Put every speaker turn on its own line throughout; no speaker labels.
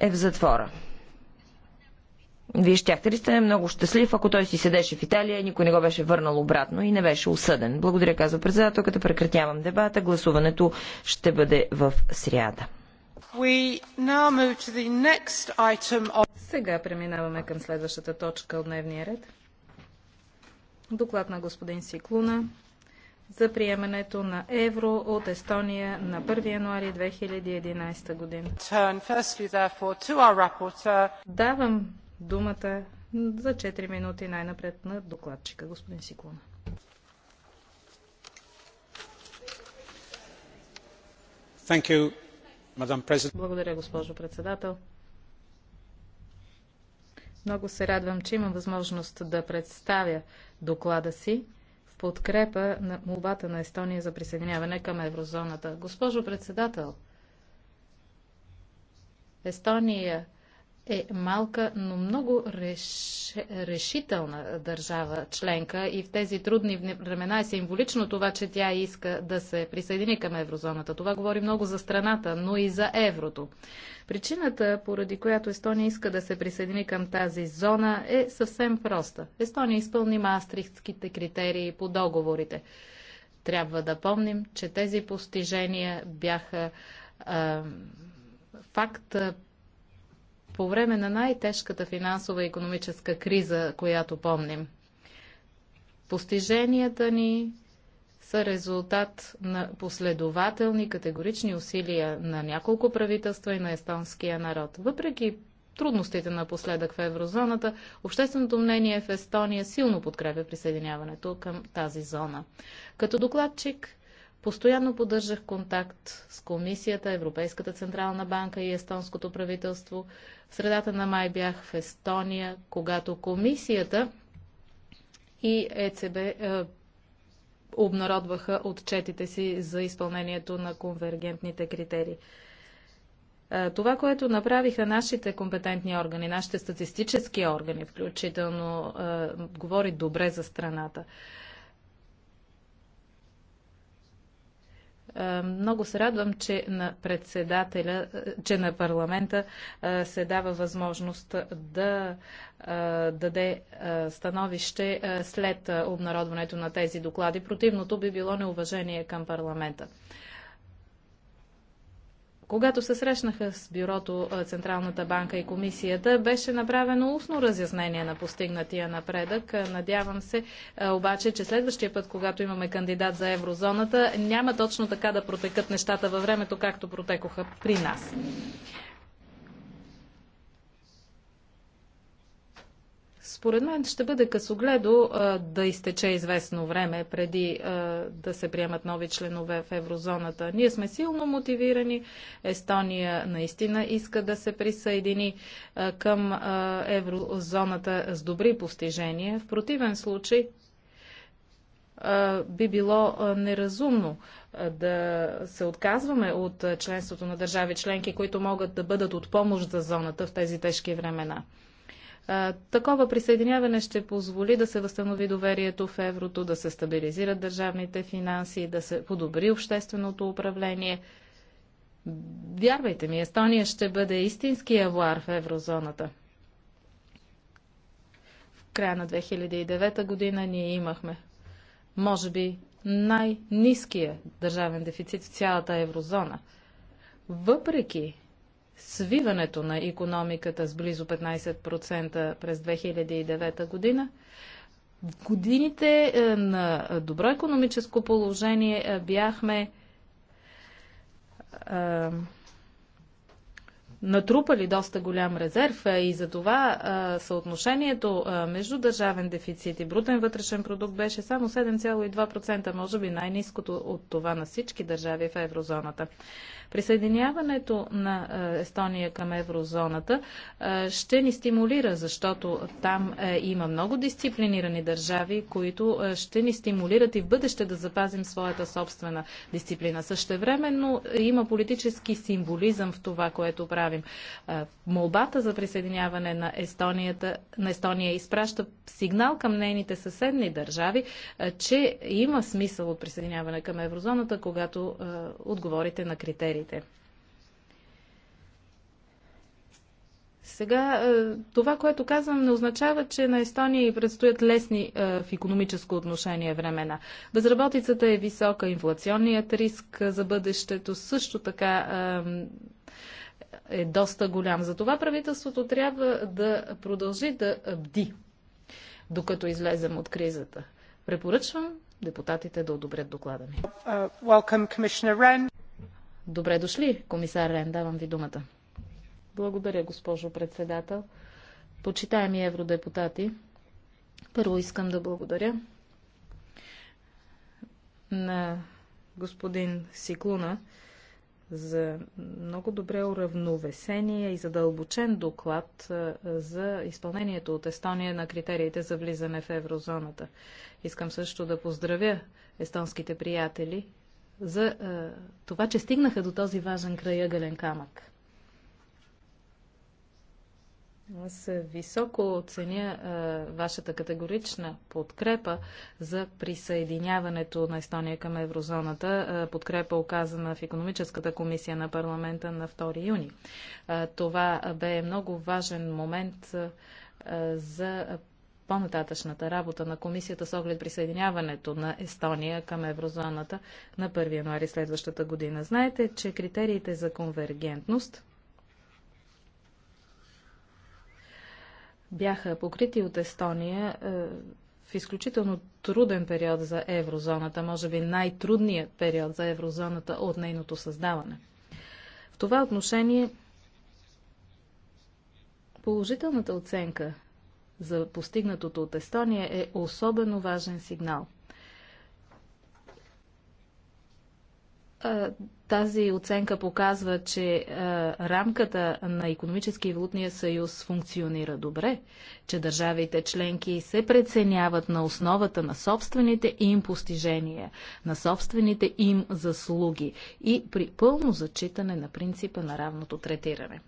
е в затвора. Вие щяхте ли сте много щастлив, ако той си седеше в Италия и никой не го беше върнал обратно и не беше осъден? Благодаря, казва председателката. Прекратявам дебата. Гласуването ще бъде в сряда.
Of... Сега преминаваме към следващата точка от дневния ред. Доклад на господин Сиклуна за приемането на евро от Естония на 1 януари 2011 година. Давам думата за 4 минути най-напред на докладчика, господин Сиклона. You, Благодаря, госпожо председател. Много се радвам, че имам възможност да представя доклада си подкрепа на молбата на Естония за присъединяване към еврозоната. Госпожо председател, Естония е малка, но много реш... решителна държава членка и в тези трудни времена е символично това, че тя иска да се присъедини към еврозоната. Това говори много за страната, но и за еврото. Причината, поради която Естония иска да се присъедини към тази зона, е съвсем проста. Естония изпълни мастрихтските критерии по договорите. Трябва да помним, че тези постижения бяха а, факт по време на най-тежката финансова и економическа криза, която помним. Постиженията ни са резултат на последователни категорични усилия на няколко правителства и на естонския народ. Въпреки трудностите напоследък в еврозоната, общественото мнение в Естония силно подкрепя присъединяването към тази зона. Като докладчик Постоянно поддържах контакт с Комисията, Европейската Централна банка и естонското правителство. В средата на май бях в Естония, когато Комисията и ЕЦБ е, обнародваха отчетите си за изпълнението на конвергентните критерии. Е, това, което направиха нашите компетентни органи, нашите статистически органи, включително, е, говори добре за страната. Е, много се радвам, че на председателя, е, че на парламента е, се дава възможност да даде становище след обнародването на тези доклади. Противното би било неуважение към парламента. Когато се срещнаха с бюрото, Централната банка и комисията, беше направено устно разяснение на постигнатия напредък. Надявам се обаче, че следващия път, когато имаме кандидат за еврозоната, няма точно така да протекат нещата във времето, както протекоха при нас. Според мен ще бъде късогледо да изтече известно време преди да се приемат нови членове в еврозоната. Ние сме силно мотивирани. Естония наистина иска да се присъедини към еврозоната с добри постижения. В противен случай би било неразумно да се отказваме от членството на държави членки, които могат да бъдат от помощ за зоната в тези тежки времена. Такова присъединяване ще позволи да се възстанови доверието в еврото, да се стабилизират държавните финанси, да се подобри общественото управление. Вярвайте ми, Естония ще бъде истински авуар в еврозоната. В края на 2009 година ние имахме, може би, най-низкия държавен дефицит в цялата еврозона. Въпреки свиването на економиката с близо 15% през 2009 година, в годините е, на добро економическо положение е, бяхме а, е, натрупали доста голям резерв и за това а, съотношението а, между държавен дефицит и брутен вътрешен продукт беше само 7,2%, може би най-низкото от това на всички държави в еврозоната. Присъединяването на е, Естония към еврозоната е, ще ни стимулира, защото там е, има много дисциплинирани държави, които ще ни стимулират и в бъдеще да запазим своята собствена дисциплина. Същевременно има политически символизъм в това, което правим. Молбата за присъединяване на, Естонията, на Естония изпраща сигнал към нейните съседни държави, че има смисъл от присъединяване към еврозоната, когато отговорите на критерии пазарите. Сега, е, това, което казвам, не означава, че на Естония и предстоят лесни е, в економическо отношение времена. Безработицата е висока, инфлационният риск е, за бъдещето също така е доста голям. Затова правителството трябва да продължи да бди, докато излезем от кризата. Препоръчвам депутатите да одобрят доклада ми. Uh, Добре дошли, комисар Рен, давам ви думата. Благодаря, госпожо председател. Почитаеми евродепутати, първо искам да благодаря на господин Сиклуна за много добре уравновесение и задълбочен доклад за изпълнението от Естония на критериите за влизане в еврозоната. Искам също да поздравя естонските приятели за а, е, това, че стигнаха до този важен краягален камък. Аз високо оценя а, е, вашата категорична подкрепа за присъединяването на Естония към еврозоната. А, е, подкрепа оказана в економическата комисия на парламента на 2 юни. А, това бе много важен момент а, за по-нататъчната работа на комисията с оглед присъединяването на Естония към еврозоната на 1 януари следващата година. Знаете, че критериите за конвергентност бяха покрити от Естония е, в изключително труден период за еврозоната, може би най-трудният период за еврозоната от нейното създаване. В това отношение положителната оценка за постигнатото от Естония е особено важен сигнал. Тази оценка показва, че рамката на економически и валутния съюз функционира добре, че държавите членки се преценяват на основата на собствените им постижения, на собствените им заслуги и при пълно зачитане на принципа на равното третиране.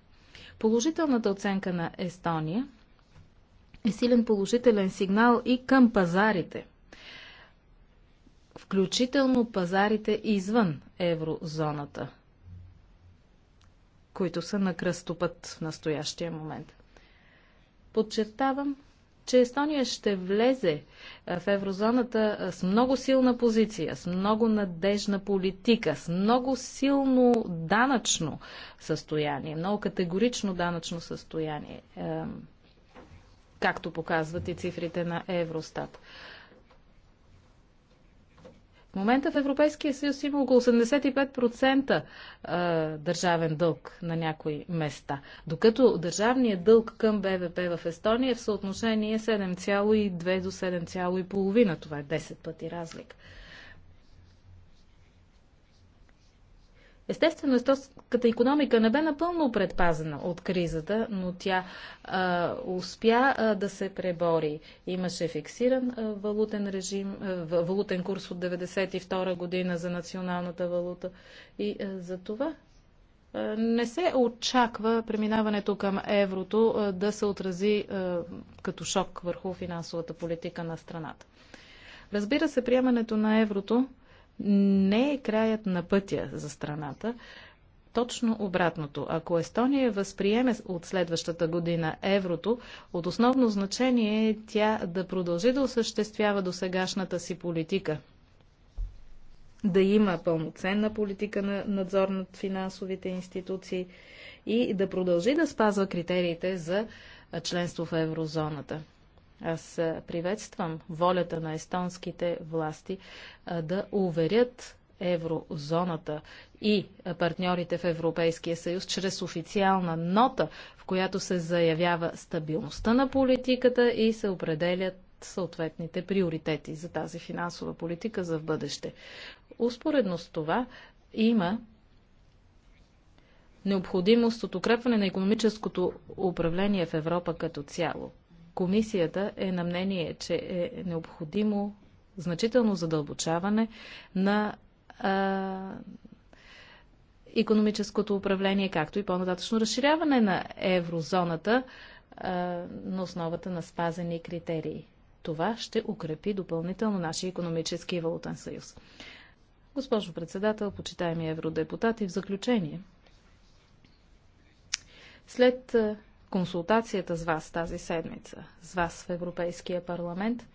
Положителната оценка на Естония – е силен положителен сигнал и към пазарите, включително пазарите извън еврозоната, които са на кръстопът в настоящия момент. Подчертавам, че Естония ще влезе е, в еврозоната е, с много силна позиция, с много надежна политика, с много силно данъчно състояние, много категорично данъчно състояние както показват и цифрите на Евростат. В момента в Европейския съюз има около 85% държавен дълг на някои места, докато държавният дълг към БВП в Естония е в съотношение 7,2 до 7,5. Това е 10 пъти разлика. Естествено, естоската економика не бе напълно предпазена от кризата, но тя а, успя а, да се пребори. Имаше фиксиран а, валутен режим, а, валутен курс от 1992 година за националната валута и а, за това а, не се очаква преминаването към еврото а, да се отрази а, като шок върху финансовата политика на страната. Разбира се, приемането на еврото не е краят на пътя за страната. Точно обратното. Ако Естония възприеме от следващата година еврото, от основно значение е тя да продължи да осъществява досегашната си политика. Да има пълноценна политика на надзор над финансовите институции и да продължи да спазва критериите за членство в еврозоната. Аз приветствам волята на естонските власти да уверят еврозоната и партньорите в Европейския съюз чрез официална нота, в която се заявява стабилността на политиката и се определят съответните приоритети за тази финансова политика за в бъдеще. Успоредно с това има необходимост от укрепване на економическото управление в Европа като цяло. Комисията е на мнение, че е необходимо значително задълбочаване на економическото управление, както и по-нататъчно разширяване на еврозоната на основата на спазени критерии. Това ще укрепи допълнително нашия економически и валутен съюз. Госпожо председател, почитаеми евродепутати, в заключение. След консултацията с вас тази седмица, с вас в Европейския парламент,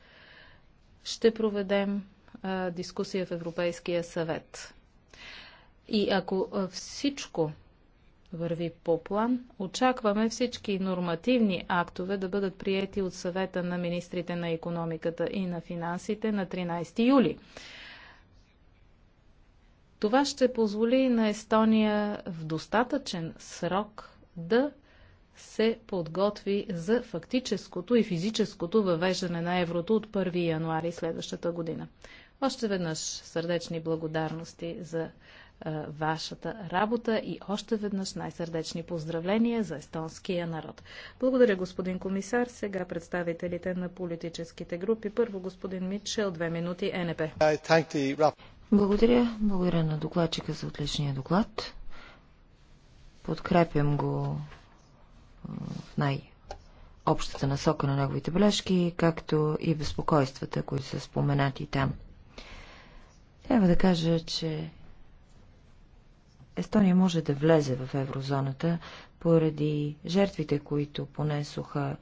ще проведем а, дискусия в Европейския съвет. И ако всичко върви по план, очакваме всички нормативни актове да бъдат приети от съвета на министрите на економиката и на финансите на 13 юли. Това ще позволи на Естония в достатъчен срок да се подготви за фактическото и физическото въвеждане на еврото от 1 януари следващата година. Още веднъж сърдечни благодарности за а, вашата работа и още веднъж най-сърдечни поздравления за естонския народ. Благодаря, господин комисар. Сега представителите на политическите групи. Първо господин Митчел, две минути, НП.
Е. Благодаря. Благодаря на докладчика за отличния доклад. Подкрепям го в най-общата насока на неговите бележки, както и безпокойствата, които са споменати там. Трябва да кажа, че Естония може да влезе в еврозоната поради жертвите, които понесоха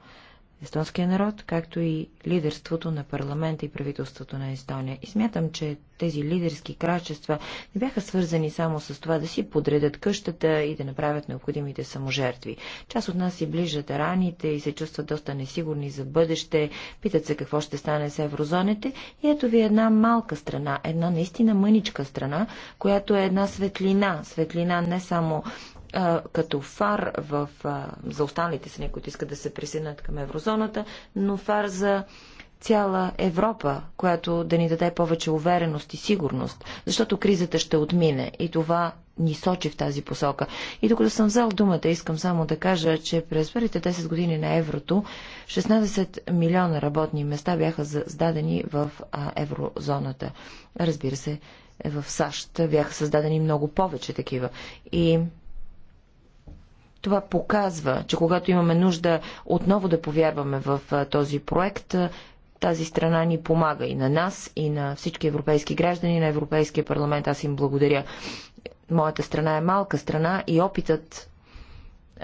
естонския народ, както и лидерството на парламента и правителството на Естония. И смятам, че тези лидерски крачества не бяха свързани само с това да си подредят къщата и да направят необходимите саможертви. Част от нас си ближат раните и се чувстват доста несигурни за бъдеще, питат се какво ще стане с еврозоните. И ето ви една малка страна, една наистина мъничка страна, която е една светлина. Светлина не само а, като фар в, а, за останалите страни, които искат да се присъединят към еврозоната, но фар за цяла Европа, която да ни даде повече увереност и сигурност, защото кризата ще отмине и това ни сочи в тази посока. И докато съм взел думата, искам само да кажа, че през първите 10 години на еврото 16 милиона работни места бяха създадени в еврозоната. Разбира се, в САЩ бяха създадени много повече такива. И това показва, че когато имаме нужда отново да повярваме в този проект, тази страна ни помага и на нас, и на всички европейски граждани, на Европейския парламент. Аз им благодаря. Моята страна е малка страна и опитът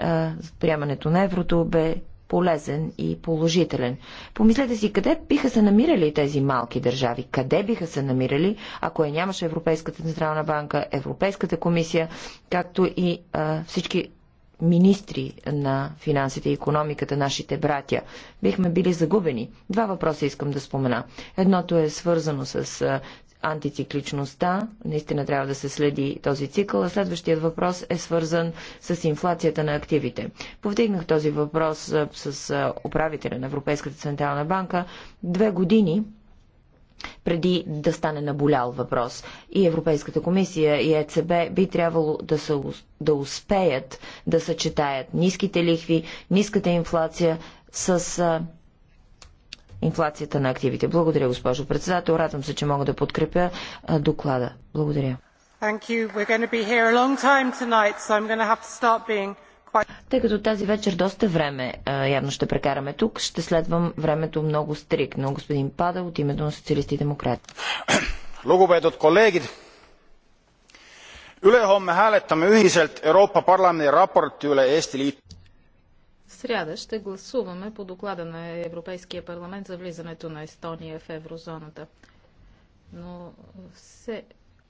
за с приемането на еврото бе полезен и положителен. Помислете си, къде биха се намирали тези малки държави? Къде биха се намирали, ако я нямаше Европейската Централна банка, Европейската комисия, както и а, всички министри на финансите и економиката, нашите братя. Бихме били загубени. Два въпроса искам да спомена. Едното е свързано с антицикличността. Наистина трябва да се следи този цикъл. А следващият въпрос е свързан с инфлацията на активите. Повдигнах този въпрос с управителя на Европейската централна банка. Две години преди да стане наболял въпрос. И Европейската комисия и ЕЦБ би трябвало да, са, да успеят да съчетаят ниските лихви, ниската инфлация с а, инфлацията на активите. Благодаря, госпожо председател. Радвам се, че мога да подкрепя а, доклада. Благодаря.
Thank you. We're going to be here a long time tonight, so I'm going to have to start being
тъй като тази вечер доста време явно ще прекараме тук, ще следвам времето много стрикно. Господин Пада от името на социалисти и демократи.
Lugupeetud kolleegid, ülehomme hääletame ühiselt Euroopa Parlamendi raporti üle Eesti liit. Сряда ще гласуваме по доклада на Европейския парламент за влизането на Естония в еврозоната. Но все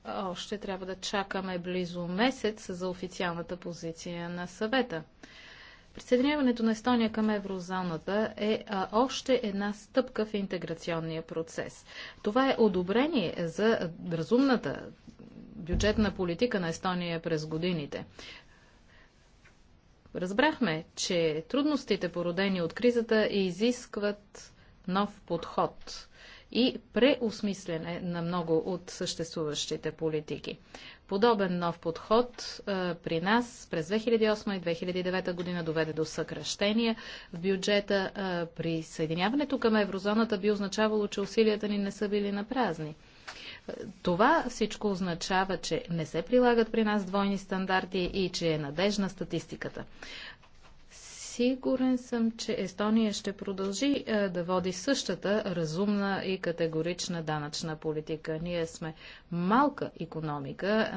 още трябва да чакаме близо месец за официалната позиция на съвета. Присъединяването на Естония към еврозоната е а, още една стъпка в интеграционния процес. Това е одобрение за разумната бюджетна политика на Естония през годините. Разбрахме, че трудностите, породени от кризата, изискват нов подход и преосмислене на много от съществуващите политики. Подобен нов подход а, при нас през 2008 и 2009 година доведе до съкръщения в бюджета. А, при съединяването към еврозоната би означавало, че усилията ни не са били на празни. Това всичко означава, че не се прилагат при нас двойни стандарти и че е надежна статистиката. Сигурен съм, че Естония ще продължи е, да води същата разумна и категорична данъчна политика. Ние сме малка економика,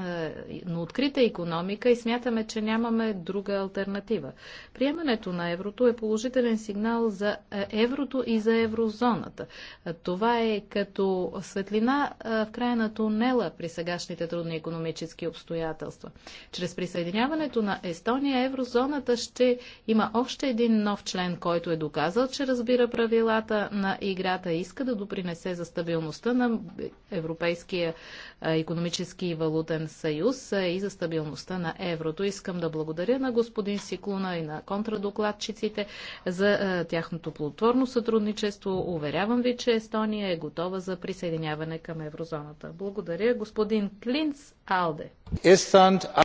е, но открита економика и смятаме, че нямаме друга альтернатива. Приемането на еврото е положителен сигнал за е, еврото и за еврозоната. Това е като светлина в края на тунела при сегашните трудни економически обстоятелства. Чрез присъединяването на Естония еврозоната ще има още един нов член, който е доказал, че разбира правилата на играта и иска да допринесе за стабилността на Европейския економически и валутен съюз и за стабилността на еврото. Искам да благодаря на господин Сиклуна и на контрадокладчиците за тяхното плодотворно сътрудничество. Уверявам ви, че Естония е готова за присъединяване към еврозоната. Благодаря. Господин Клинц Алде.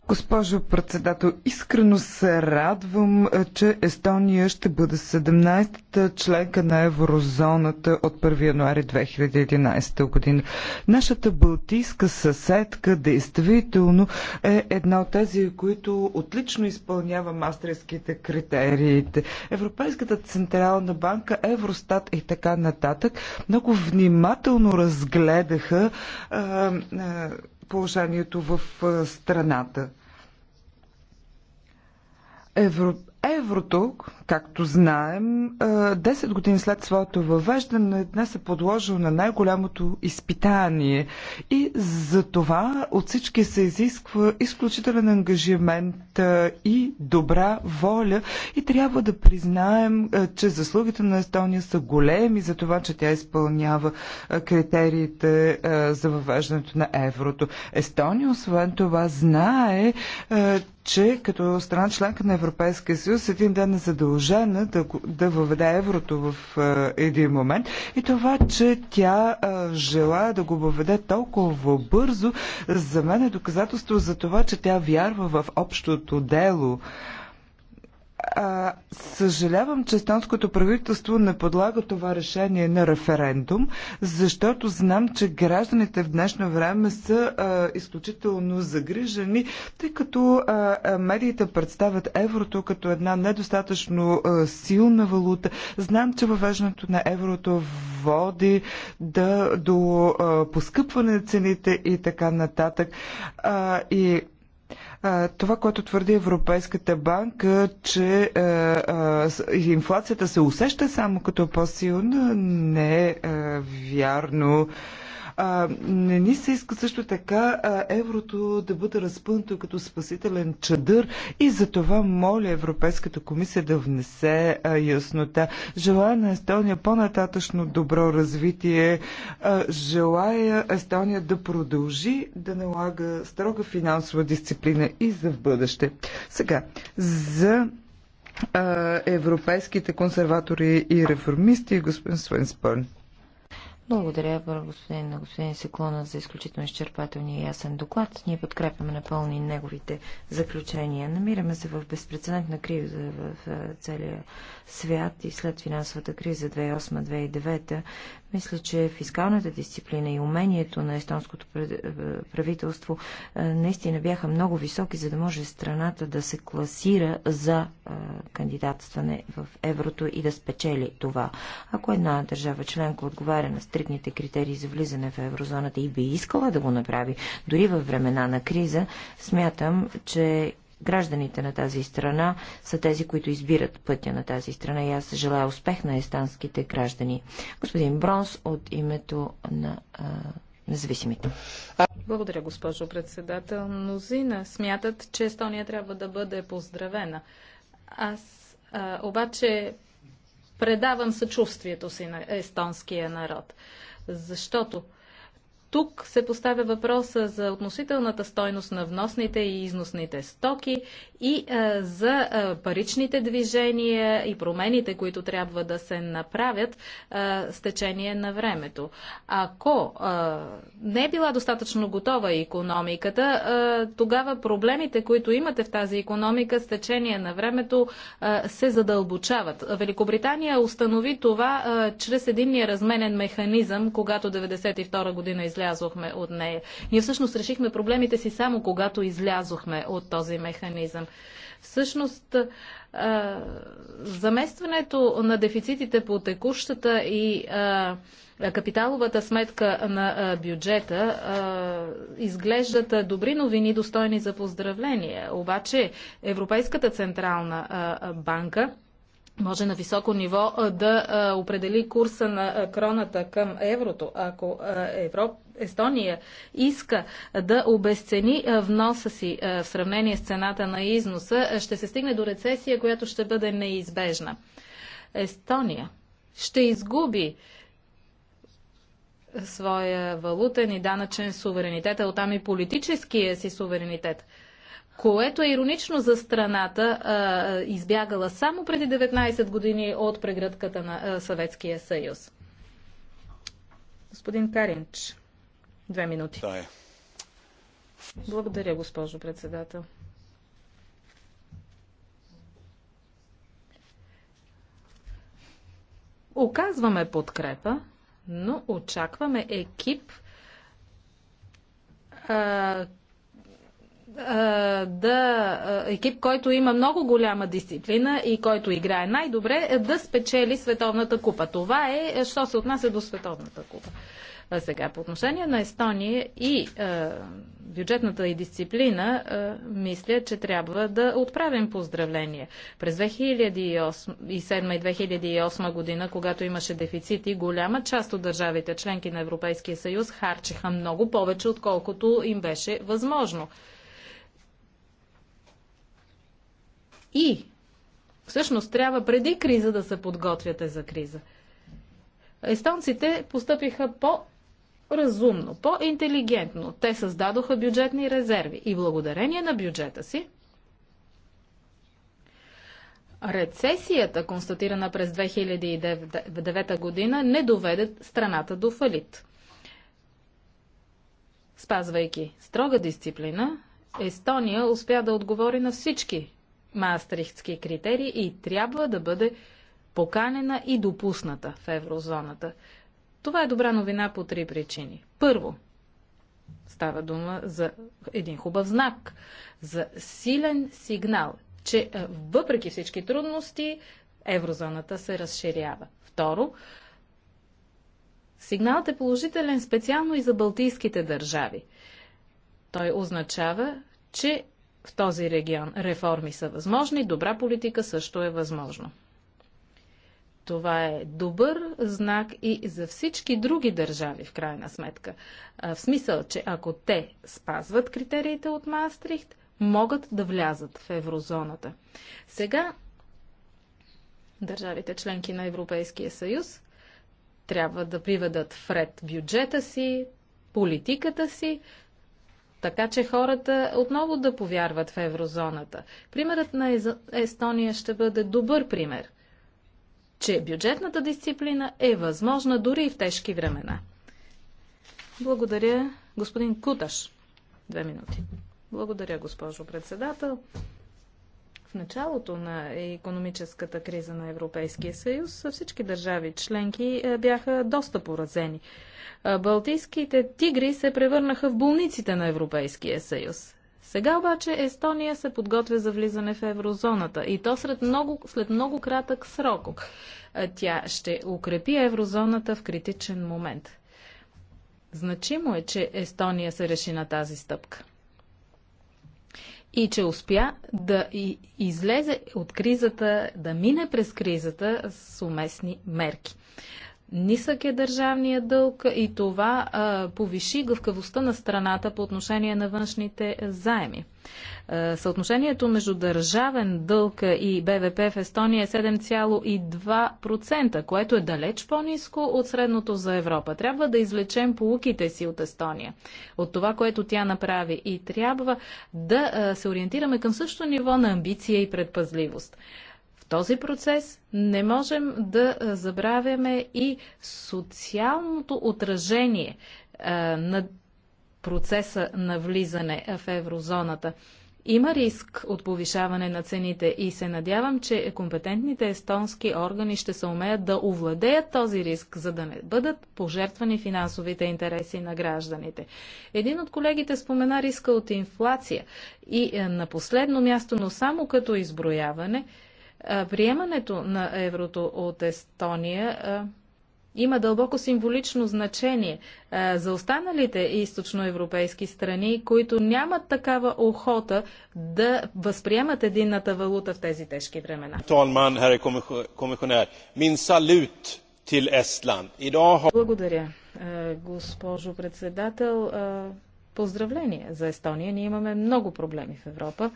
Госпожо председател, искрено се радвам, че Естония ще бъде 17-та членка на еврозоната от 1 януари 2011 година. Нашата балтийска съседка действително е една от тези, които отлично изпълнява мастерските критериите. Европейската централна банка, Евростат и така нататък много внимателно разгледаха положението в страната. Европа Еврото, както знаем, 10 години след своето въвеждане, днес е подложено на най-голямото изпитание. И за това от всички се изисква изключителен ангажимент и добра воля. И трябва да признаем, че заслугите на Естония са големи за това, че тя изпълнява критериите за въвеждането на еврото. Естония, освен това, знае, че като страна членка на Европейския съюз, съюз един ден е задължена да, да въведе еврото в а, един момент и това, че тя а, желая да го въведе толкова бързо, за мен е доказателство за това, че тя вярва в общото дело. А, а, съжалявам, че естонското правителство не подлага това решение на референдум, защото знам, че гражданите в днешно време са а, изключително загрижени, тъй като а, медиите представят еврото като една недостатъчно а, силна валута. Знам, че въвеждането на еврото води да, до а, поскъпване на цените и така нататък. А, и това, което твърди Европейската банка, че инфлацията се усеща само като по-силна, не е вярно. А, не ни се иска също така а, еврото да бъде разпънато като спасителен чадър и за това моля Европейската комисия да внесе а, яснота. Желая на Естония по-нататъчно добро развитие. А, желая Естония да продължи да налага строга финансова дисциплина и за в бъдеще. Сега, за европейските консерватори и реформисти, господин Свенспърн.
Благодаря, първо господин на господин Секлона, за изключително изчерпателния и ясен доклад. Ние подкрепяме напълно и неговите заключения. Намираме се в безпредседентна криза в целия свят и след финансовата криза 2008-2009 мисля, че фискалната дисциплина и умението на естонското е, правителство е, наистина бяха много високи, за да може страната да се класира за е, кандидатстване в еврото и да спечели това. Ако една държава членка отговаря на стрикните критерии за влизане в еврозоната и би искала да го направи, дори във времена на криза, смятам, че Гражданите на тази страна са тези, които избират пътя на тази страна и аз желая успех на естанските граждани. Господин Бронс от името на независимите.
Благодаря, госпожо председател. Мнозина смятат, че Естония трябва да бъде поздравена. Аз а, обаче предавам съчувствието си на естонския народ, защото тук се поставя въпроса за относителната стойност на вносните и износните стоки и а, е, за а, е, паричните движения и промените, които трябва да се направят а, е, с течение на времето. Ако а, не е била достатъчно готова економиката, а, тогава проблемите, които имате в тази економика с течение на времето а, се задълбочават. Великобритания установи това а, чрез единния разменен механизъм, когато 1992 година излезе излязохме от нея. Ние всъщност решихме проблемите си само когато излязохме от този механизъм. Всъщност, заместването на дефицитите по текущата и капиталовата сметка на бюджета изглеждат добри новини, достойни за поздравление. Обаче Европейската централна банка може на високо ниво да определи курса на кроната към еврото. Ако Европа, Естония иска да обесцени вноса си в сравнение с цената на износа, ще се стигне до рецесия, която ще бъде неизбежна. Естония ще изгуби своя валутен и данъчен суверенитет, а оттам и политическия си суверенитет – което е иронично за страната, а, избягала само преди 19 години от прегръдката на Съветския съюз. Господин Каринч, две минути. Да е. Благодаря, госпожо председател. Оказваме подкрепа, но очакваме екип, а, да, екип, който има много голяма дисциплина и който играе най-добре, е да спечели Световната купа. Това е, е, що се отнася до Световната купа. А сега, по отношение на Естония и е, бюджетната и дисциплина, е, мисля, че трябва да отправим поздравления. През 2007 и 2008 година, когато имаше дефицити, голяма част от държавите, членки на Европейския съюз, харчеха много повече, отколкото им беше възможно. И всъщност трябва преди криза да се подготвяте за криза. Естонците постъпиха по разумно, по-интелигентно. Те създадоха бюджетни резерви и благодарение на бюджета си рецесията, констатирана през 2009 година, не доведе страната до фалит. Спазвайки строга дисциплина, Естония успя да отговори на всички Маастрихтски критерии и трябва да бъде поканена и допусната в еврозоната. Това е добра новина по три причини. Първо, става дума за един хубав знак, за силен сигнал, че е, въпреки всички трудности, еврозоната се разширява. Второ, сигналът е положителен специално и за балтийските държави. Той означава, че в този регион. Реформи са възможни, добра политика също е възможно. Това е добър знак и за всички други държави, в крайна сметка. В смисъл, че ако те спазват критериите от Маастрихт, могат да влязат в еврозоната. Сега държавите членки на Европейския съюз трябва да приведат вред бюджета си, политиката си, така че хората отново да повярват в еврозоната. Примерът на Естония ще бъде добър пример, че бюджетната дисциплина е възможна дори и в тежки времена. Благодаря, господин Куташ. Две минути. Благодаря, госпожо председател. В началото на економическата криза на Европейския съюз всички държави членки е, бяха доста поразени. Е, Балтийските тигри се превърнаха в болниците на Европейския съюз. Сега обаче Естония се подготвя за влизане в еврозоната и то след много, след много кратък срок. Е, тя ще укрепи еврозоната в критичен момент. Значимо е, че Естония се реши на тази стъпка и че успя да излезе от кризата, да мине през кризата с уместни мерки. Нисък е държавния дълг и това а, повиши гъвкавостта на страната по отношение на външните заеми. А, съотношението между държавен дълг и БВП в Естония е 7,2%, което е далеч по-низко от средното за Европа. Трябва да извлечем полуките си от Естония, от това, което тя направи и трябва да се ориентираме към същото ниво на амбиция и предпазливост този процес не можем да забравяме и социалното отражение на процеса на влизане в еврозоната. Има риск от повишаване на цените и се надявам, че компетентните естонски органи ще се умеят да овладеят този риск, за да не бъдат пожертвани финансовите интереси на гражданите. Един от колегите спомена риска от инфлация и е, на последно място, но само като изброяване, Приемането на еврото от Естония има дълбоко символично значение за останалите източноевропейски страни, които нямат такава охота да възприемат единната валута в тези тежки времена. Благодаря, госпожо председател. Поздравление за Естония. Ние имаме много проблеми в Европа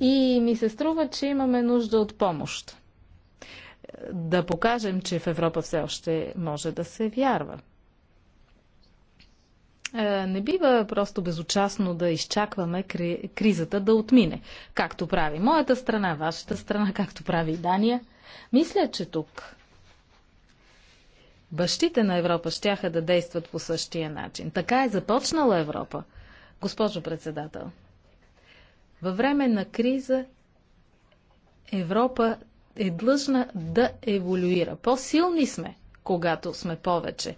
и ми се струва, че имаме нужда от помощ. Да покажем, че в Европа все още може да се вярва. Е, не бива просто безучастно да изчакваме кризата да отмине, както прави моята страна, вашата страна, както прави и Дания. Мисля, че тук бащите на Европа щяха да действат по същия начин. Така е започнала Европа. Госпожо председател, във време на криза Европа е длъжна да еволюира. По-силни сме, когато сме повече.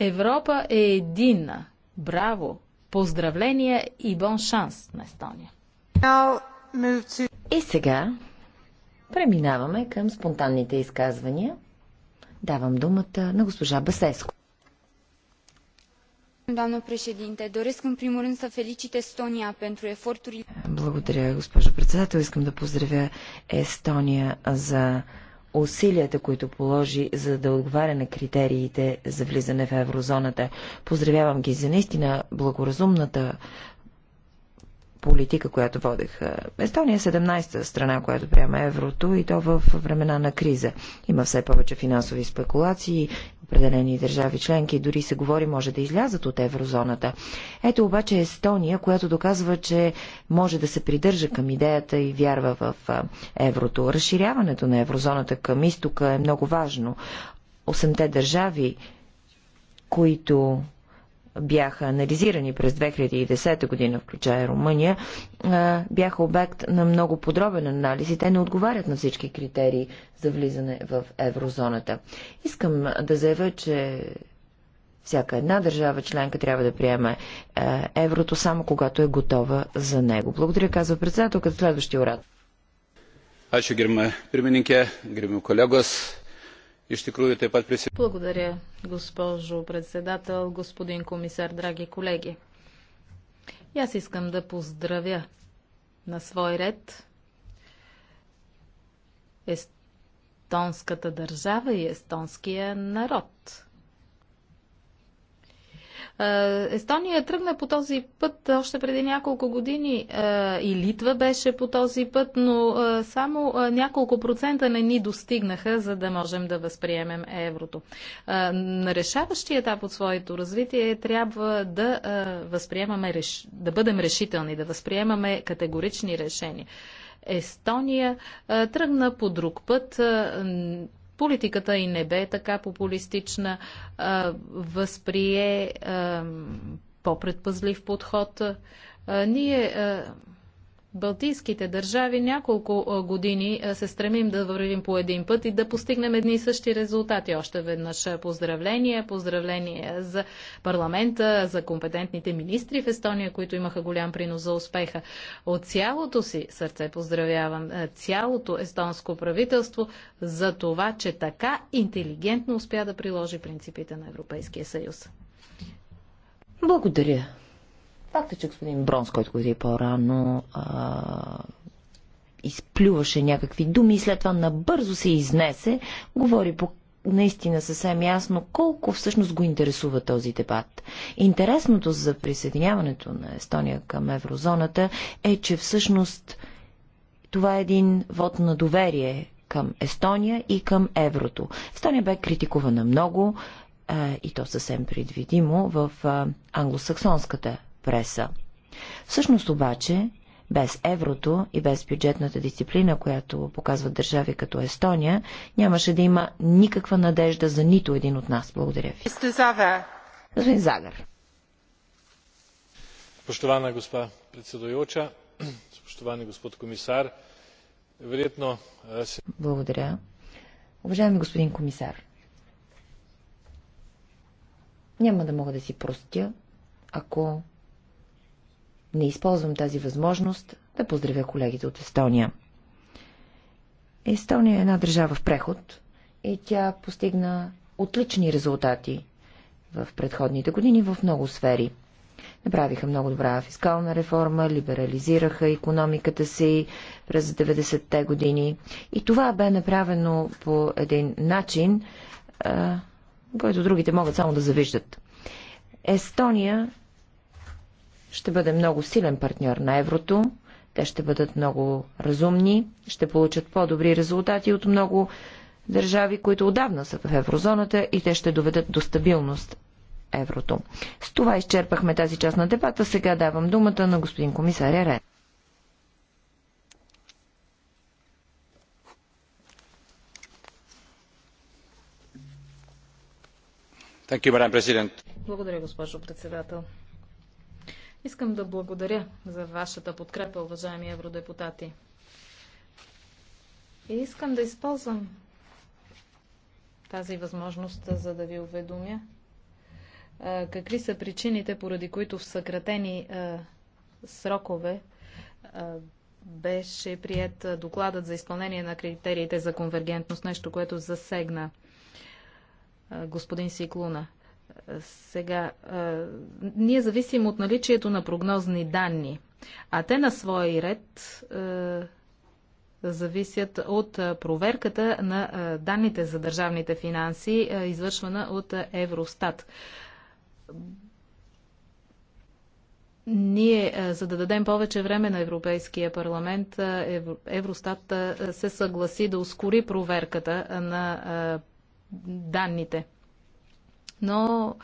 Европа е единна. Браво! Поздравления и бон шанс на Естония!
И сега преминаваме към спонтанните изказвания. Давам думата на госпожа Басеско. Doresc în primul rând să felicit Estonia pentru eforturile. Благодаря, госпожо председател. Искам да поздравя Естония за усилията, които положи, за да отговаря на критериите за влизане в еврозоната. Поздравявам ги за наистина благоразумната политика, която водеха. Естония е 17-та страна, която приема еврото и то в времена на криза. Има все повече финансови спекулации, определени държави членки, дори се говори, може да излязат от еврозоната. Ето обаче Естония, която доказва, че може да се придържа към идеята и вярва в еврото. Разширяването на еврозоната към изтока е много важно. Осемте държави, които бяха анализирани през 2010 година, включая Румъния, бяха обект на много подробен анализ и те не отговарят на всички критерии за влизане в еврозоната. Искам да заявя, че всяка една държава членка трябва да приеме е, еврото само когато е готова за него. Благодаря, казва председател, като следващия урад. Ačiū, gerbime pirmininkė, gerbime kolegos.
Благодаря, госпожо председател, господин комисар, драги колеги. И аз искам да поздравя на свой ред естонската държава и естонския народ е, Естония тръгна по този път още преди няколко години е, и Литва беше по този път, но е, само няколко процента не ни достигнаха, за да можем да възприемем еврото. На решаващия етап от своето развитие трябва да възприемаме, да бъдем решителни, да възприемаме категорични решения. Естония тръгна по друг път Политиката и не бе така популистична, възприе по-предпазлив подход. Ние Балтийските държави няколко години се стремим да вървим по един път и да постигнем едни и същи резултати. Още веднъж поздравления, поздравления за парламента, за компетентните министри в Естония, които имаха голям принос за успеха. От цялото си сърце поздравявам цялото естонско правителство за това, че така интелигентно успя да приложи принципите на Европейския съюз.
Благодаря Факта, е, че господин Бронс, който е по-рано, изплюваше някакви думи и след това набързо се изнесе, говори по наистина съвсем ясно колко всъщност го интересува този дебат. Интересното за присъединяването на Естония към еврозоната е, че всъщност това е един вод на доверие към Естония и към еврото. Естония бе критикувана много и то съвсем предвидимо в англосаксонската преса. Всъщност обаче, без еврото и без бюджетната дисциплина, която показват държави като Естония, нямаше да има никаква надежда за нито един от нас. Благодаря ви. Господин Загар.
Spoštovana госпа председуюча, spoštovani господ комисар, вероятно...
Благодаря. Уважаеми господин комисар, няма да мога да си простя, ако не използвам тази възможност да поздравя колегите от Естония. Естония е една държава в преход и тя постигна отлични резултати в предходните години в много сфери. Направиха много добра фискална реформа, либерализираха економиката си през 90-те години. И това бе направено по един начин, който другите могат само да завиждат. Естония ще бъде много силен партньор на еврото. Те ще бъдат много разумни, ще получат по-добри резултати от много държави, които отдавна са в еврозоната и те ще доведат до стабилност еврото. С това изчерпахме тази част на дебата. Сега давам думата на господин комисаря Рен.
Благодаря, госпожо председател. Искам да благодаря за вашата подкрепа, уважаеми евродепутати. И искам да използвам тази възможност, за да ви уведомя какви са причините, поради които в съкратени срокове беше прият докладът за изпълнение на критериите за конвергентност, нещо, което засегна господин Сиклуна. Сега, а, ние зависим от наличието на прогнозни данни, а те на своя ред а, зависят от проверката на данните за държавните финанси, извършвана от Евростат. Ние, за да дадем повече време на Европейския парламент, Евростат се съгласи да ускори проверката на данните но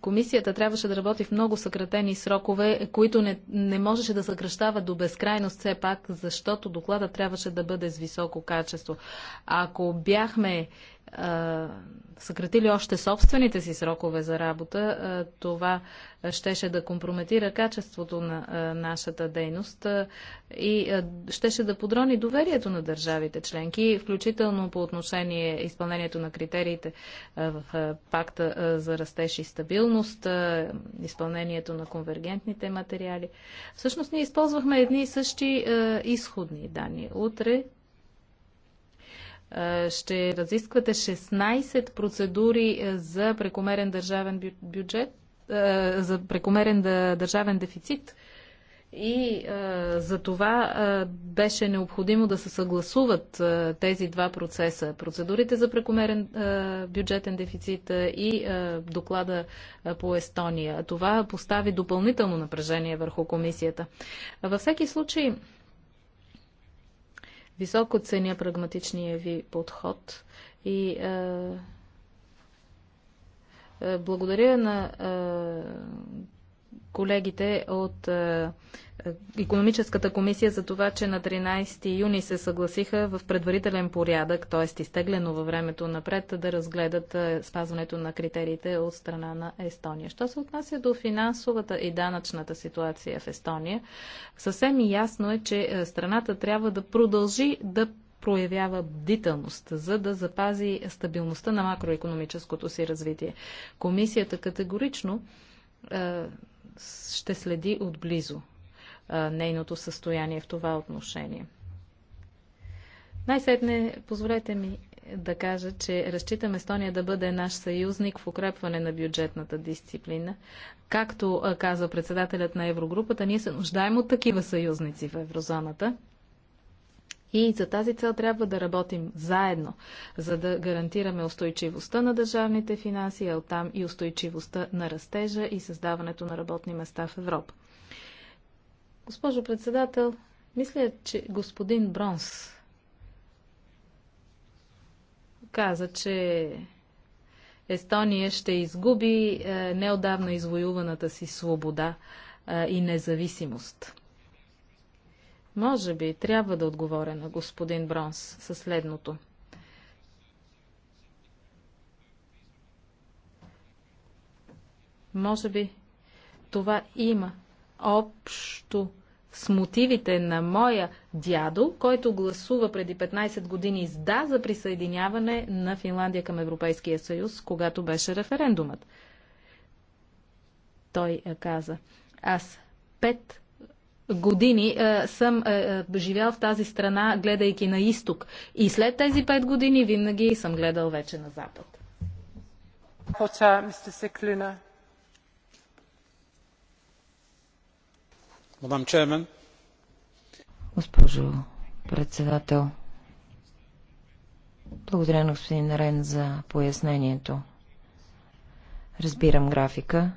комисията трябваше да работи в много съкратени срокове, които не, не можеше да съкръщава до безкрайност все пак, защото доклада трябваше да бъде с високо качество. Ако бяхме съкратили още собствените си срокове за работа, това щеше да компрометира качеството на нашата дейност и щеше да подрони доверието на държавите членки, включително по отношение изпълнението на критериите в пакта за растеж и стабилност, изпълнението на конвергентните материали. Всъщност ние използвахме едни и същи изходни данни. Утре е, ще разисквате 16 процедури е, за прекомерен държавен бюджет, е, за прекомерен държавен дефицит. И за това беше необходимо да се съгласуват тези два процеса. Процедурите за прекомерен бюджетен дефицит и доклада по Естония. Това постави допълнително напрежение върху комисията. във всеки случай, Високо ценя прагматичния ви подход и е, е, благодаря на е, колегите от е, економическата комисия за това, че на 13 юни се съгласиха в предварителен порядък, т.е. изтеглено във времето напред, да разгледат е, спазването на критериите от страна на Естония. Що се отнася до финансовата и данъчната ситуация в Естония, съвсем ясно е, че е, страната трябва да продължи да проявява бдителност, за да запази стабилността на макроекономическото си развитие. Комисията категорично е, ще следи отблизо нейното състояние в това отношение. Най-сетне, позволете ми да кажа, че разчитам Естония да бъде наш съюзник в укрепване на бюджетната дисциплина. Както казва председателят на Еврогрупата, ние се нуждаем от такива съюзници в еврозоната. И за тази цел трябва да работим заедно, за да гарантираме устойчивостта на държавните финанси, а оттам и устойчивостта на растежа и създаването на работни места в Европа. Госпожо председател, мисля, че господин Бронс каза, че Естония ще изгуби е, неодавна извоюваната си свобода е, и независимост. Може би трябва да отговоря на господин Бронс със следното. Може би това има общо с мотивите на моя дядо, който гласува преди 15 години с да за присъединяване на Финландия към Европейския съюз, когато беше референдумът. Той е, каза, аз пет години е, съм е, е, живял в тази страна, гледайки на изток. И след тези пет години винаги съм гледал вече на запад.
Госпожо председател, благодаря на господин Рен за пояснението. Разбирам графика.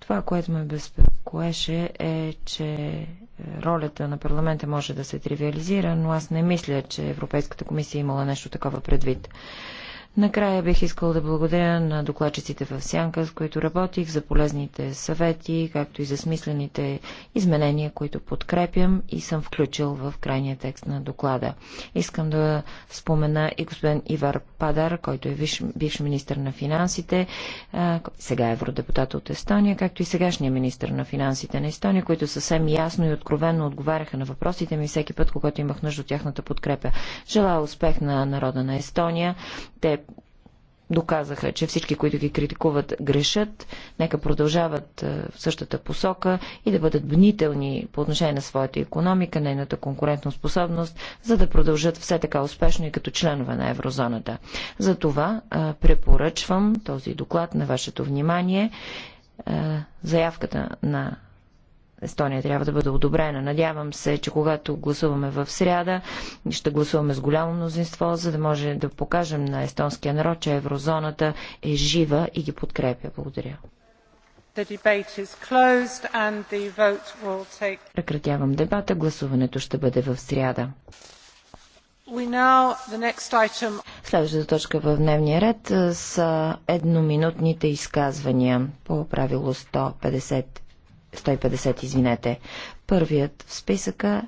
Това, което ме безпекоеше, е, че ролята на парламента може да се тривиализира, но аз не мисля, че Европейската комисия е имала нещо такова предвид. Накрая бих искал да благодаря на докладчиците в Сянка, с които работих, за полезните съвети, както и за смислените изменения, които подкрепям и съм включил в крайния текст на доклада. Искам да спомена и господин Ивар Падар, който е виш, бивш министр на финансите, сега е евродепутат от Естония, както и сегашния министр на финансите на Естония, които съвсем ясно и откровенно отговаряха на въпросите ми всеки път, когато имах нужда от тяхната подкрепа. Желая успех на народа на Естония. Те доказаха, че всички, които ги критикуват, грешат. Нека продължават в същата посока и да бъдат бнителни по отношение на своята економика, нейната способност, за да продължат все така успешно и като членове на еврозоната. За това препоръчвам този доклад на вашето внимание. Заявката на Естония трябва да бъде одобрена. Надявам се, че когато гласуваме в сряда, ще гласуваме с голямо мнозинство, за да може да покажем на естонския народ, че еврозоната е жива и ги подкрепя. Благодаря. Прекратявам дебата. Гласуването ще бъде в сряда. Следващата точка в дневния ред са едноминутните изказвания по правило 150 150, извинете. Първият в списъка